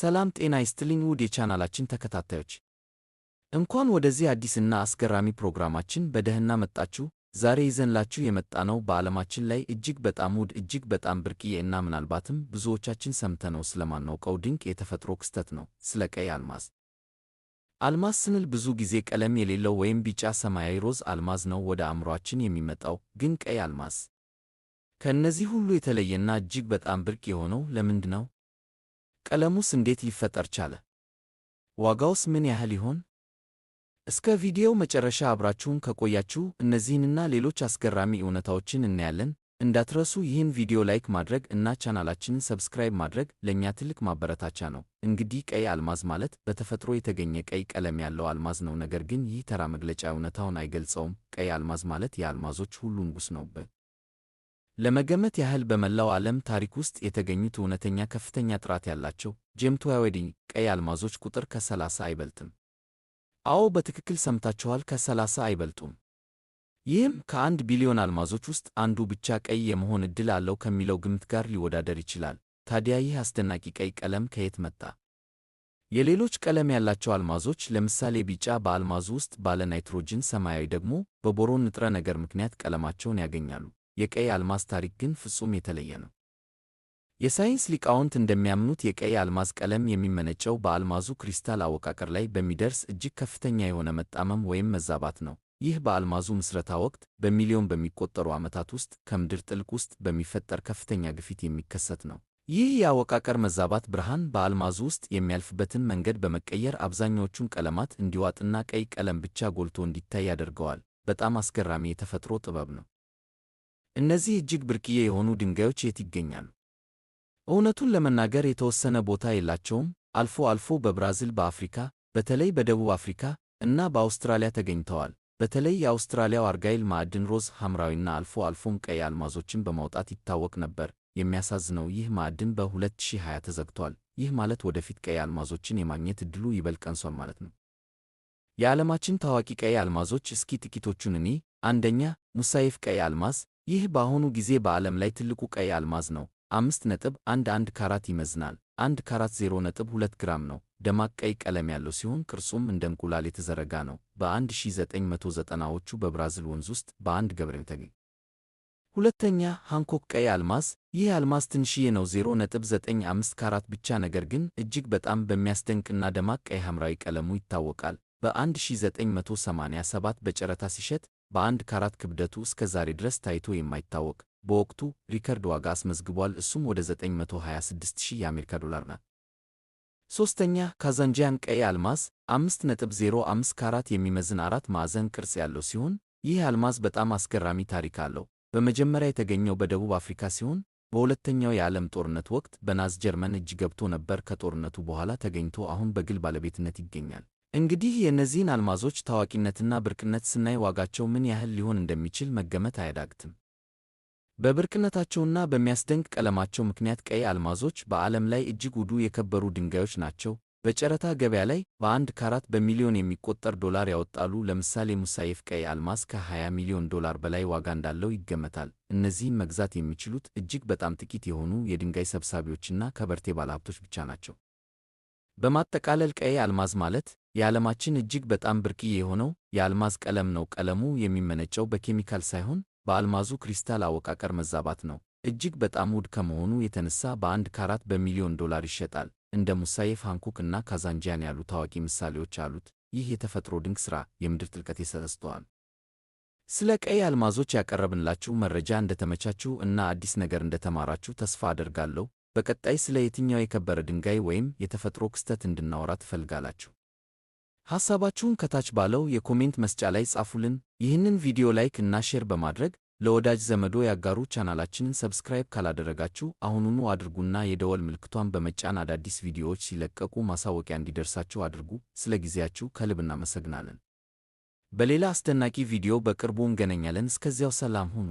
ሰላም ጤና ይስጥልኝ ውድ የቻናላችን ተከታታዮች፣ እንኳን ወደዚህ አዲስና አስገራሚ ፕሮግራማችን በደህና መጣችሁ። ዛሬ ይዘንላችሁ የመጣነው በዓለማችን ላይ እጅግ በጣም ውድ እጅግ በጣም ብርቅዬ እና ምናልባትም ብዙዎቻችን ሰምተነው ስለማናውቀው ድንቅ የተፈጥሮ ክስተት ነው፣ ስለ ቀይ አልማዝ። አልማዝ ስንል ብዙ ጊዜ ቀለም የሌለው ወይም ቢጫ፣ ሰማያዊ፣ ሮዝ አልማዝ ነው ወደ አእምሯችን የሚመጣው። ግን ቀይ አልማዝ ከእነዚህ ሁሉ የተለየና እጅግ በጣም ብርቅ የሆነው ለምንድ ነው? ቀለሙስ እንዴት ሊፈጠር ቻለ? ዋጋውስ ምን ያህል ይሆን? እስከ ቪዲዮው መጨረሻ አብራችሁን ከቆያችሁ እነዚህንና ሌሎች አስገራሚ እውነታዎችን እናያለን። እንዳትረሱ ይህን ቪዲዮ ላይክ ማድረግ እና ቻናላችንን ሰብስክራይብ ማድረግ ለእኛ ትልቅ ማበረታቻ ነው። እንግዲህ ቀይ አልማዝ ማለት በተፈጥሮ የተገኘ ቀይ ቀለም ያለው አልማዝ ነው። ነገር ግን ይህ ተራ መግለጫ እውነታውን አይገልጸውም። ቀይ አልማዝ ማለት የአልማዞች ሁሉ ንጉሥ ነው። ለመገመት ያህል በመላው ዓለም ታሪክ ውስጥ የተገኙት እውነተኛ ከፍተኛ ጥራት ያላቸው ጄምቶያዌዲንግ ቀይ አልማዞች ቁጥር ከ30 አይበልጥም። አዎ በትክክል ሰምታችኋል፣ ከ30 አይበልጡም። ይህም ከአንድ ቢሊዮን አልማዞች ውስጥ አንዱ ብቻ ቀይ የመሆን ዕድል አለው ከሚለው ግምት ጋር ሊወዳደር ይችላል። ታዲያ ይህ አስደናቂ ቀይ ቀለም ከየት መጣ? የሌሎች ቀለም ያላቸው አልማዞች ለምሳሌ ቢጫ በአልማዙ ውስጥ ባለ ናይትሮጅን፣ ሰማያዊ ደግሞ በቦሮን ንጥረ ነገር ምክንያት ቀለማቸውን ያገኛሉ። የቀይ አልማዝ ታሪክ ግን ፍጹም የተለየ ነው። የሳይንስ ሊቃውንት እንደሚያምኑት የቀይ አልማዝ ቀለም የሚመነጨው በአልማዙ ክሪስታል አወቃቀር ላይ በሚደርስ እጅግ ከፍተኛ የሆነ መጣመም ወይም መዛባት ነው። ይህ በአልማዙ ምስረታ ወቅት በሚሊዮን በሚቆጠሩ ዓመታት ውስጥ ከምድር ጥልቅ ውስጥ በሚፈጠር ከፍተኛ ግፊት የሚከሰት ነው። ይህ የአወቃቀር መዛባት ብርሃን በአልማዙ ውስጥ የሚያልፍበትን መንገድ በመቀየር አብዛኛዎቹን ቀለማት እንዲዋጥና ቀይ ቀለም ብቻ ጎልቶ እንዲታይ ያደርገዋል። በጣም አስገራሚ የተፈጥሮ ጥበብ ነው። እነዚህ እጅግ ብርቅዬ የሆኑ ድንጋዮች የት ይገኛሉ? እውነቱን ለመናገር የተወሰነ ቦታ የላቸውም። አልፎ አልፎ በብራዚል፣ በአፍሪካ በተለይ በደቡብ አፍሪካ እና በአውስትራሊያ ተገኝተዋል። በተለይ የአውስትራሊያው አርጋይል ማዕድን ሮዝ፣ ሐምራዊና አልፎ አልፎም ቀይ አልማዞችን በማውጣት ይታወቅ ነበር። የሚያሳዝነው ይህ ማዕድን በ2020 ተዘግቷል። ይህ ማለት ወደፊት ቀይ አልማዞችን የማግኘት ዕድሉ ይበልጥ ቀንሷል ማለት ነው። የዓለማችን ታዋቂ ቀይ አልማዞች እስኪ ጥቂቶቹን እኔ አንደኛ ሙሳይፍ ቀይ አልማዝ ይህ በአሁኑ ጊዜ በዓለም ላይ ትልቁ ቀይ አልማዝ ነው። አምስት ነጥብ 5.11 ካራት ይመዝናል። አንድ ካራት ነጥብ 0.2 ግራም ነው። ደማቅ ቀይ ቀለም ያለው ሲሆን ቅርጹም እንደ እንቁላል የተዘረጋ ነው። በ1990ዎቹ በብራዚል ወንዝ ውስጥ በአንድ ገበሬ ተገኘ። ሁለተኛ ሃንኮክ ቀይ አልማዝ። ይህ አልማዝ ትንሽዬ ነው፣ 0.95 ካራት ብቻ፣ ነገር ግን እጅግ በጣም በሚያስደንቅና ደማቅ ቀይ ሐምራዊ ቀለሙ ይታወቃል። በ1987 በጨረታ ሲሸጥ በአንድ ካራት ክብደቱ እስከ ዛሬ ድረስ ታይቶ የማይታወቅ በወቅቱ ሪከርድ ዋጋ አስመዝግቧል። እሱም ወደ 926000 የአሜሪካ ዶላር ናት። ሶስተኛ ካዛንጂያን ቀይ አልማዝ 5.05 ካራት የሚመዝን አራት ማዕዘን ቅርጽ ያለው ሲሆን ይህ አልማዝ በጣም አስገራሚ ታሪክ አለው። በመጀመሪያ የተገኘው በደቡብ አፍሪካ ሲሆን በሁለተኛው የዓለም ጦርነት ወቅት በናዝ ጀርመን እጅ ገብቶ ነበር። ከጦርነቱ በኋላ ተገኝቶ አሁን በግል ባለቤትነት ይገኛል። እንግዲህ የእነዚህን አልማዞች ታዋቂነትና ብርቅነት ስናይ ዋጋቸው ምን ያህል ሊሆን እንደሚችል መገመት አያዳግትም። በብርቅነታቸውና በሚያስደንቅ ቀለማቸው ምክንያት ቀይ አልማዞች በዓለም ላይ እጅግ ውዱ የከበሩ ድንጋዮች ናቸው። በጨረታ ገበያ ላይ በአንድ ካራት በሚሊዮን የሚቆጠር ዶላር ያወጣሉ። ለምሳሌ ሙሳይፍ ቀይ አልማዝ ከ20 ሚሊዮን ዶላር በላይ ዋጋ እንዳለው ይገመታል። እነዚህም መግዛት የሚችሉት እጅግ በጣም ጥቂት የሆኑ የድንጋይ ሰብሳቢዎችና ከበርቴ ባለሀብቶች ብቻ ናቸው። በማጠቃለል ቀይ አልማዝ ማለት የዓለማችን እጅግ በጣም ብርቅዬ የሆነው የአልማዝ ቀለም ነው። ቀለሙ የሚመነጨው በኬሚካል ሳይሆን በአልማዙ ክሪስታል አወቃቀር መዛባት ነው። እጅግ በጣም ውድ ከመሆኑ የተነሳ በአንድ ካራት በሚሊዮን ዶላር ይሸጣል። እንደ ሙሳዬፍ ሃንኮክ እና ካዛንጃን ያሉ ታዋቂ ምሳሌዎች አሉት። ይህ የተፈጥሮ ድንቅ ሥራ የምድር ጥልቀት ይሰጠዋል። ስለ ቀይ አልማዞች ያቀረብንላችሁ መረጃ እንደተመቻችሁ እና አዲስ ነገር እንደተማራችሁ ተስፋ አደርጋለሁ። በቀጣይ ስለ የትኛው የከበረ ድንጋይ ወይም የተፈጥሮ ክስተት እንድናወራ ትፈልጋላችሁ? ሐሳባችሁን ከታች ባለው የኮሜንት መስጫ ላይ ጻፉልን። ይህንን ቪዲዮ ላይክ እና ሼር በማድረግ ለወዳጅ ዘመዶ ያጋሩ። ቻናላችንን ሰብስክራይብ ካላደረጋችሁ አሁኑኑ አድርጉና የደወል ምልክቷን በመጫን አዳዲስ ቪዲዮዎች ሲለቀቁ ማሳወቂያ እንዲደርሳችሁ አድርጉ። ስለ ጊዜያችሁ ከልብ እናመሰግናለን። በሌላ አስደናቂ ቪዲዮ በቅርቡ እንገናኛለን። እስከዚያው ሰላም ሁኑ።